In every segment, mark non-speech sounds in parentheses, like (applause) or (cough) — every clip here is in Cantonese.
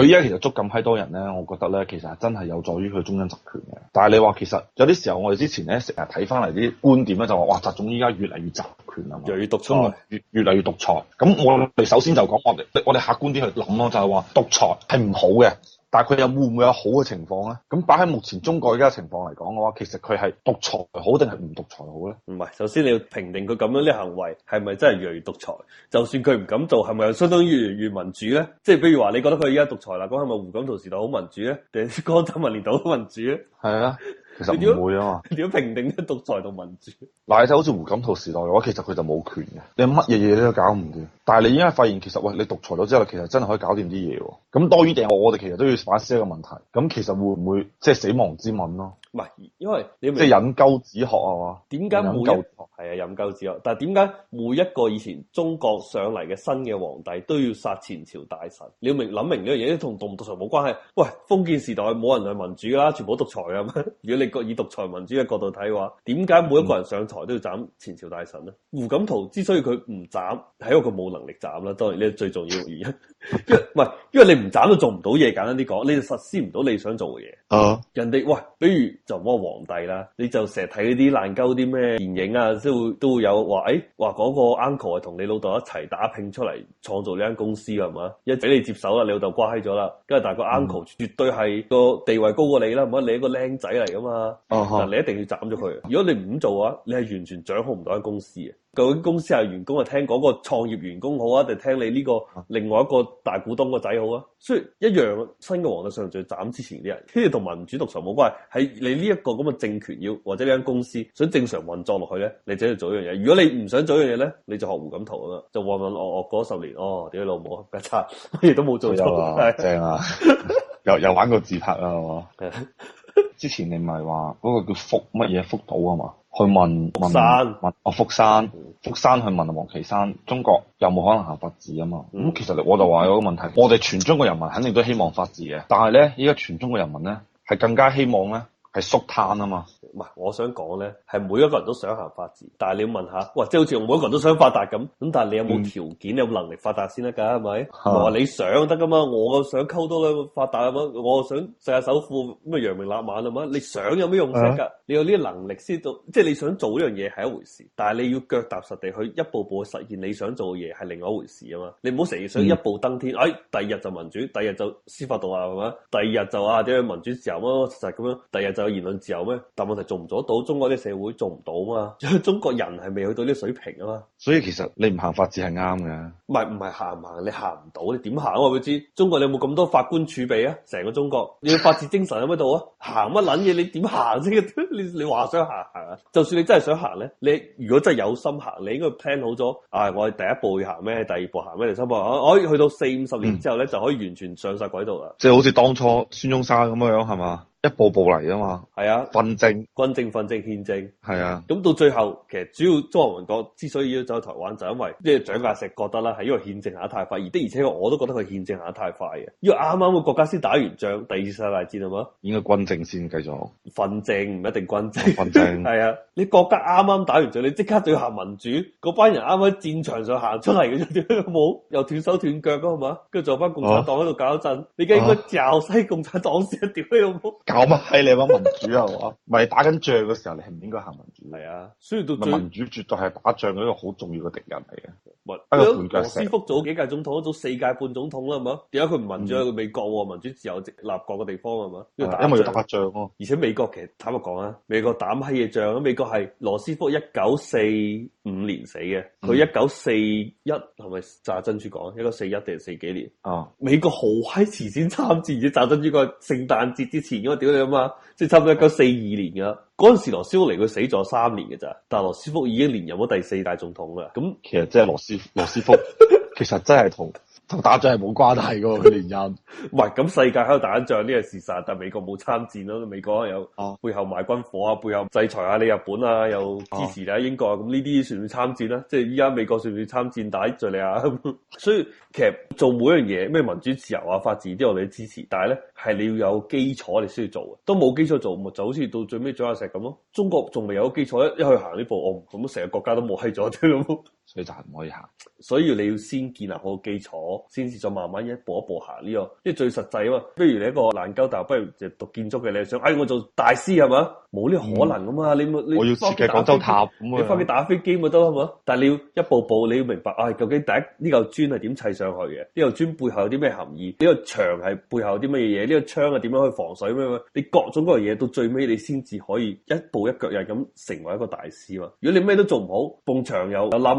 佢依家其實捉咁批多人咧，我覺得咧其實係真係有助於佢中央集權嘅。但係你話其實有啲時候，我哋之前咧成日睇翻嚟啲觀點咧，就話哇，習總依家越嚟越集權啊嘛，越嚟越獨裁，越越嚟越獨裁。咁我哋首先就講我哋，我哋客觀啲去諗咯，就係話獨裁係唔好嘅。但係佢又會唔會有好嘅情況咧？咁擺喺目前中國而家嘅情況嚟講嘅話，其實佢係獨裁好定係唔獨裁好咧？唔係，首先你要評定佢咁樣嘅行為係咪真係越嚟越獨裁？就算佢唔敢做，係咪又相當於越嚟越民主咧？即係譬如話，你覺得佢而家獨裁啦，咁係咪胡錦濤時代好民主咧？定係江澤民年代好民主咧？係啊。其實唔會啊嘛？點評定咧？獨裁到民主？嗱，你睇好似胡錦濤時代嘅話，其實佢就冇權嘅，你乜嘢嘢都搞唔掂。但係你而家發現，其實喂，你獨裁咗之後，其實真係可以搞掂啲嘢。咁多於第我哋其實都要反思一個問題。咁其實會唔會即係、就是、死亡之吻咯？唔係，因為你即係飲鴆止渴啊嘛？點解每係啊飲鴆止渴？但係點解每一個以前中國上嚟嘅新嘅皇帝都要殺前朝大臣？你要明諗明呢樣嘢，同獨唔獨裁冇關係。喂，封建時代冇人係民主噶啦，全部都獨裁噶。 (laughs) 如果你個以獨裁民主嘅角度睇話，點解每一個人上台都要斬前朝大臣咧？胡錦濤之所以佢唔斬，係因為佢冇能力斬啦。當然呢個最重要嘅原因， (laughs) 因為唔係，因為你唔斬都做唔到嘢。簡單啲講，你就實施唔到你想做嘅嘢。啊，人哋喂，比如就我皇帝啦，你就成日睇呢啲爛鳩啲咩電影啊，即會都會有話誒，話嗰、哎、個 uncle 係同你老豆一齊打拼出嚟，創造呢間公司係嘛，一俾你接手啦，你老豆瓜閪咗啦，跟住大個 uncle 絕對係個地位高過你啦，唔可以你一個靚仔嚟噶嘛。嗱，啊、你一定要斬咗佢。如果你唔做嘅話，你係完全掌控唔到間公司嘅。究竟公司係員工啊聽嗰個創業員工好啊，定聽你呢個另外一個大股東個仔好啊？所以一樣新嘅皇帝上就要斬之前啲人。跟住同民主獨裁冇關，係你呢一個咁嘅政權要或者呢間公司想正常運作落去咧，你就要做一樣嘢。如果你唔想做一樣嘢咧，你就學胡錦濤啊，就渾渾噩噩過咗十年，哦，屌你老母，乜嘢都冇做錯，啊是 正啊， (laughs) 又又玩過自拍啦，係嘛？ (laughs) 之前你咪話嗰個叫福乜嘢福島啊嘛，去問山問啊福山，福山去問王岐山，中國有冇可能行法治啊嘛？咁、嗯、其實我就話有個問題，我哋全中國人民肯定都希望法治嘅，但係咧依家全中國人民咧係更加希望咧。係縮攤啊嘛，唔係我想講咧，係每一個人都想行法治，但係你要問下，哇，即係好似每一個人都想發達咁，咁但係你有冇條件，嗯、有能力發達先得噶，係咪？唔係話你想得噶嘛？我想溝多啦發達啊嘛，我想世界首富，咩啊揚名立萬啊嘛，你想有咩用噶，吧你有呢啲能力先得，即係你想做呢樣嘢係一回事，但係你要腳踏實地去一步步實現你想做嘅嘢係另外一回事啊嘛，你唔好成日想一步登天，嗯、哎，第二日就民主，第二日就司法獨立，係嘛？第二日就啊點樣民主自由乜乜乜咁樣，第二日有言論自由咩？但問題做唔做得到？中國啲社會做唔到啊嘛！中國人係未去到呢個水平啊嘛。所以其實你唔行法治係啱嘅。唔係唔係行唔行？你行唔到，你點行，你行、啊、我你知中國你有冇咁多法官儲備啊？成個中國，你要法治精神喺乜度啊？ (laughs) 行乜捻嘢？你點行先、啊？你你話想行行啊？就算你真係想行咧，你如果真係有心行，你應該 plan 好咗。啊，我哋第一步要行咩？第二步行咩？第三步可可以去到四五十年之後咧，嗯、就可以完全上晒軌道啦。即係好似當初孫中山咁樣樣係嘛？一步步嚟啊嘛，係啊，正軍政、軍政、軍政憲政，係啊，咁到最後，其實主要中華民國之所以要走台灣，就因為即係蔣介石覺得啦，係因為憲政下得太快，而的而且我都覺得佢憲政下得太快嘅，因為啱啱個國家先打完仗，第二次世界大戰啊嘛，應該軍政先繼續，軍政唔一定軍政，係啊，你國家啱啱打完仗，你即刻就要行民主，嗰班人啱啱喺戰場上行出嚟嘅，冇 (laughs) 又斷手斷腳嘅，係嘛，跟住做翻共產黨喺度搞一陣，啊、你梗係要嚼西共產黨先。啊，屌你老母！搞乜係你話民主啊？唔係打緊仗嘅時候，你係唔應該行民主。係啊，所以到民主絕對係打仗嘅一個好重要嘅敵人嚟嘅。咁啊，羅斯福早幾屆總統，早四屆半總統啦，係嘛？點解佢唔民主？佢、嗯、美國，民主自由立國嘅地方係嘛？因為，打因為要打翻仗咯。仗啊、而且美國其實坦白講啊，美國打乜閪嘢仗？美國係羅斯福一九四。五年死嘅，佢一九四一係咪？炸珍珠港，一九四一定係四幾年啊？美國好嗨遲先參戰，而且炸珍珠港係聖誕節之前嘅嘛？屌你阿媽？即係差唔多一九四二年嘅，嗰陣、嗯、時羅斯福佢死咗三年嘅咋？但係羅斯福已經連任咗第四大總統啦。咁其實即係羅斯 (laughs) 羅斯福，其實真係同。打仗係冇關係噶佢原因，唔係咁世界喺度打仗，呢係事實，但美國冇參戰咯。美國有背後賣軍火啊，背後制裁下你日本啊，又支持你喺英國啊，咁呢啲算唔算參戰啊？即係依家美國算唔算參戰打敘利亞啊？ (laughs) 所以其實做每樣嘢，咩民主自由啊、法治啲、啊，我哋支持，但係咧係你要有基礎，你需要做。都冇基礎做，就好似到最尾撞下石咁咯。中國仲未有基礎，一去行呢步，我唔敢，咁成個國家都冇閪咗啲所以就唔可以行，所以你要先建立好基礎，先至再慢慢一步一步行呢、這個，即為最實際啊嘛。不如你一個爛鳩，但係不如就讀建築嘅你想，想哎我做大師係嘛？冇呢可能噶嘛，你冇，我要設計廣州塔，拝這樣 你翻去打飛機咪得咯嘛？但係你要一步步，你要明白啊、哎，究竟第一呢嚿磚係點砌上去嘅，呢嚿磚背後有啲咩含義？呢、這個牆係背後有啲乜嘢呢個窗係點樣去防水咩？你各種各樣嘢到最尾，你先至可以一步一腳印咁成為一個大師嘛。如果你咩都做唔好，崩牆有冧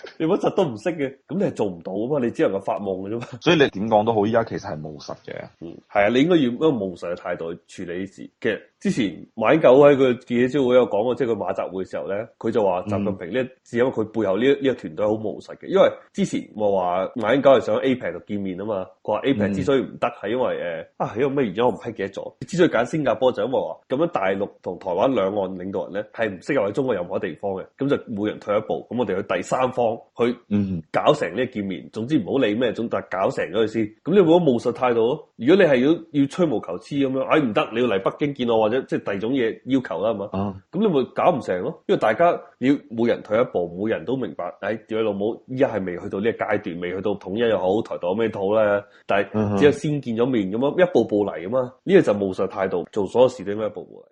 (laughs) 你本實都唔識嘅，咁你係做唔到啊嘛？你只能夠發夢嘅啫嘛。 (laughs) 所以你點講都好，依家其實係務實嘅。嗯，係啊，你應該要用一個務實嘅態度去處理事。其實之前馬英九喺個記者招待會有講過，即係佢馬習會嘅時候咧，佢就話習近平呢，只、嗯、因為佢背後呢呢個團隊好務實嘅。因為之前我話馬英九係想 APEC 度見面啊嘛，佢話 APEC 之所以唔得係因為誒啊，係因為咩原因我唔批記得咗。之所以揀新加坡就是、因為話咁樣大陸同台灣兩岸領導人咧係唔適合喺中國任何地方嘅，咁就每人退一步，咁我哋去第三方。去搞成呢個見面，總之唔好理咩，總但搞成咗佢先。咁你咪講務實態度咯。如果你係要要吹毛求疵咁樣，唉、哎，唔得，你要嚟北京見我或者即係第二種嘢要求啦，係嘛？咁、啊、你咪搞唔成咯。因為大家要每人退一步，每人都明白。哎，你老母而家係未去到呢個階段，未去到統一又好，台獨咩都好咧。但係只有先見咗面，咁樣一步步嚟啊嘛。呢、這個就務實態度，做所有事都要一步步嚟。